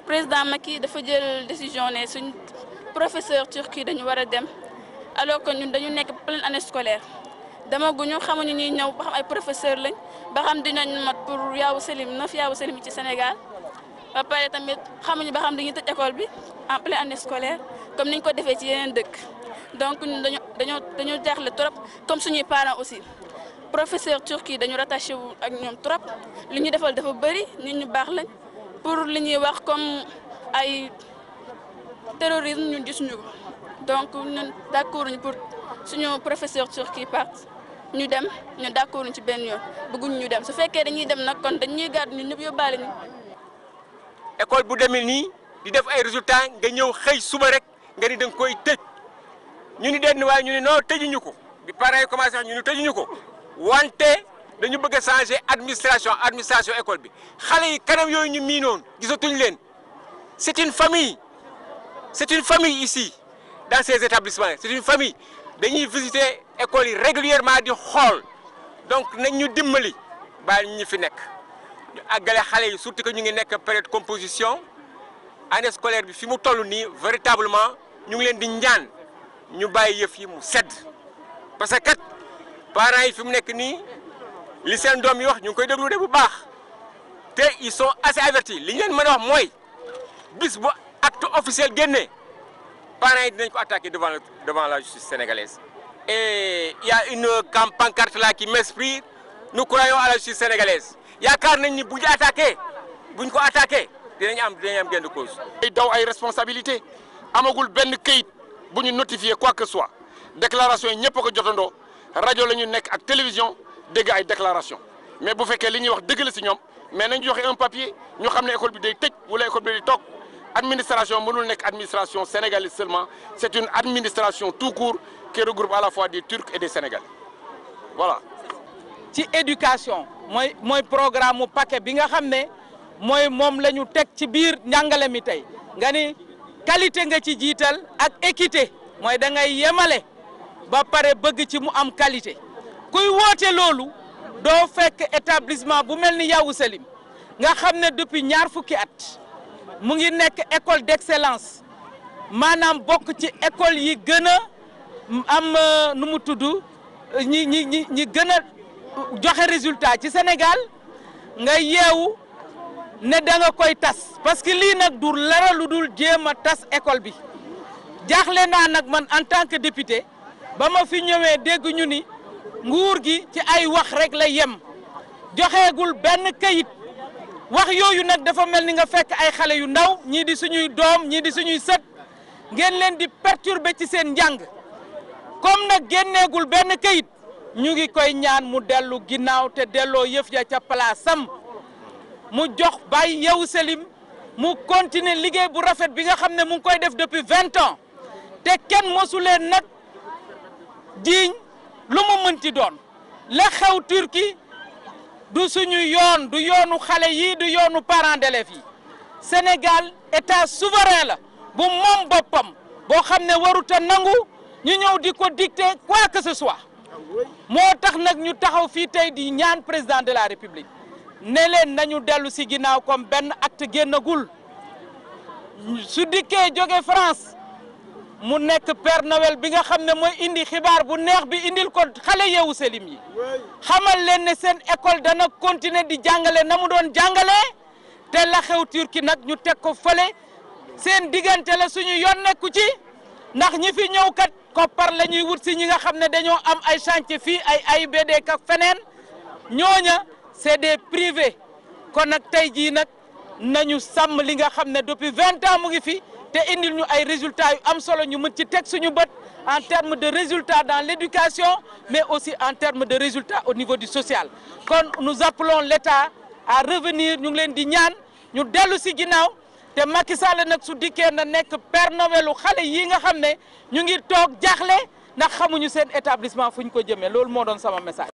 président Macky dafa jël décision ne suñ professeur turquie dañu war a dem alors que ñun dañu nekk pleine année scolaire demaguñu xamuñu ñuy ñëw ba xam ay professeur lañ ba xam dinañ mat pour yaawu selim neuf yaawu selim ci Sénégal ba pare tamit xamuñu ba xam di ñu tëj école bi en pleine année scolaire comme niñ ko defee ci yeneen dëkk donc ñu dañu dañoo dañoo jaaxle trop comme suñuy parent aussi professeur turquie dañu rattaché wu ak ñoom trop li ñu defal dafa bëri nit ñu baax lañ. pour li ñuy wax comme ay terrorisme ñun gisuñu ko donc ñun d' accord ñu pour suñu professeur turc yi part ñu dem ñu d' accord ci benn yoo bëgguñ ñu dem su fekkee dañuy dem nag kon dañuy ni ñu ñëpp yóbbaale ñu. école bu demee nii di def ay résultats nga ñëw xëy suba rek nga ni da nga koy tëj ñu ni denn waaye ñu ni noo tëjuñu ko bi parents yi commencé wax ñu ni tëjuñu ko wante. dañu bëgg a changer administration administration école bi xale yi kanam yooyu ñu miinoon gisatuñ leen c'est une famille c'est une famille ici dans ces établissements c'est une famille dañuy visiter écoles yi régulièrement di xool donc nañ ñu dimbali baa ñu fi nekk ñu àggale xale yi surtout que ñu ngi nekk période composition année scolaire bi fi mu toll nii véritablement ñu ngi leen di ñaan ñu bàyyi yëf yi mu sedd parce que kat parents yi fi mu nekk li seen doom yi wax ñu ngi koy déglu de bu baax te ils sont assez avertis li ñu leen mën a wax mooy bis bu acte officiel génnee parents yi dinañ ko attaquer devant devant la justice sénégalaise. e ya y a une pancarte là qui m'exprime nous croyons à la justice sénégalaise yaakaar nañ ni bu attaque buñ ko attaqué dinañ am dinañ am gain de cause. ay daw ay responsabilité amagul benn këyit bu ñu notifié quoi que soit déclaration yi ñëpp a ko jotandoo rajo la ñu nekk ak télévision. dégg ay déclaration mais bu fekkee li ñuy wax dëgg la si ñoom mais nañ joxe un papier ñu xam ne école bi day tëj wala école bi day toog administration mënul nekk administration sénégalis seulement c' une administration tout court qui regroupe à la fois de turcs et des sénégalais voilà. ci éducation mooy mooy programme mu paquet bi nga xam ne mooy moom la ñu teg ci biir njàngale mi tey nga ni qualité nga ci jiital ak équité mooy da ngay yemale ba pare bëgg ci mu am qualité. kuy woote loolu doo fekk établissement bu mel ni Yavuz Salim nga xam ne depuis ñaar fukki at mu ngi nekk école d'excellence maanaam bokk ci école yi gën a am euh, nu mu tudd euh, ñi ñi ñi gën a joxe résultat ci Sénégal nga yeewu ne danga koy tas parce que lii nag du lara lu dul jéem a tas école bi jaaxle naa nag man en tant que député ba ma fi ñëwee dégg ñu ni nguur gi ci ay wax rek la yem joxeegul benn kayit wax yooyu nag dafa mel ni nga fekk ay xale yu ndaw ñii di suñuy doom ñii di suñuy sët ngeen leen di perturber ci seen njàng comme nag génneegul benn kayit ñu ngi koy ñaan mu dellu ginnaaw te delloo yëf ya ca palaasam mu jox bàyyi yow Selim mu continuer liggéey bu rafet bi nga xam ne mu ngi koy def depuis vingt ans te kenn mosu leen nag jiiñ lu mu mënti doon la xew Turquie du suñu yoon du yoonu xale yi du yoonu parents d'élèves yi Sénégal état souverain la bu moom boppam boo xam ne waruta nangu ñu ñëw di ko dicter quoi que ce soit moo tax nag ñu taxaw fii tey di ñaan président de la république ne leen nañu dellu si ginnaaw comme benn acte génnagul su dikkee jóge France mu nekk Père Noël bi nga xam ne mooy indi xibaar bu neex bi indil ko xale yeewu selim yi xamal leen ne seen école dana continuer di jàngale na mu doon jàngale te la xew turki nag ñu teg ko fale seen diggante la suñu yoon nekku ci ndax ñi fi ñëw kat koppar lañuy wut si ñi nga xam ne dañoo am ay sanc fii ay AIBD ak feneen ñooña c'est des privés kon nag tey jii nag nañu sàmm li nga xam ne depuis vingt ans mu ngi fi te indil ñu ay résultats yu am solo ñu mën ci teg suñu bët en terme de résultat dans l'éducation mais aussi en terme de résultat au niveau du social kon nous appelons l'État à revenir ñu ngi leen di ñaan ñu dellu si ginnaaw te Macky Sall nag su dikkee na nekk per Noël u xale yi nga xam ne ñu ngir toog jaaxle ndax xamuñu seen établissement fu ñu ko jëmee loolu moo doon sama message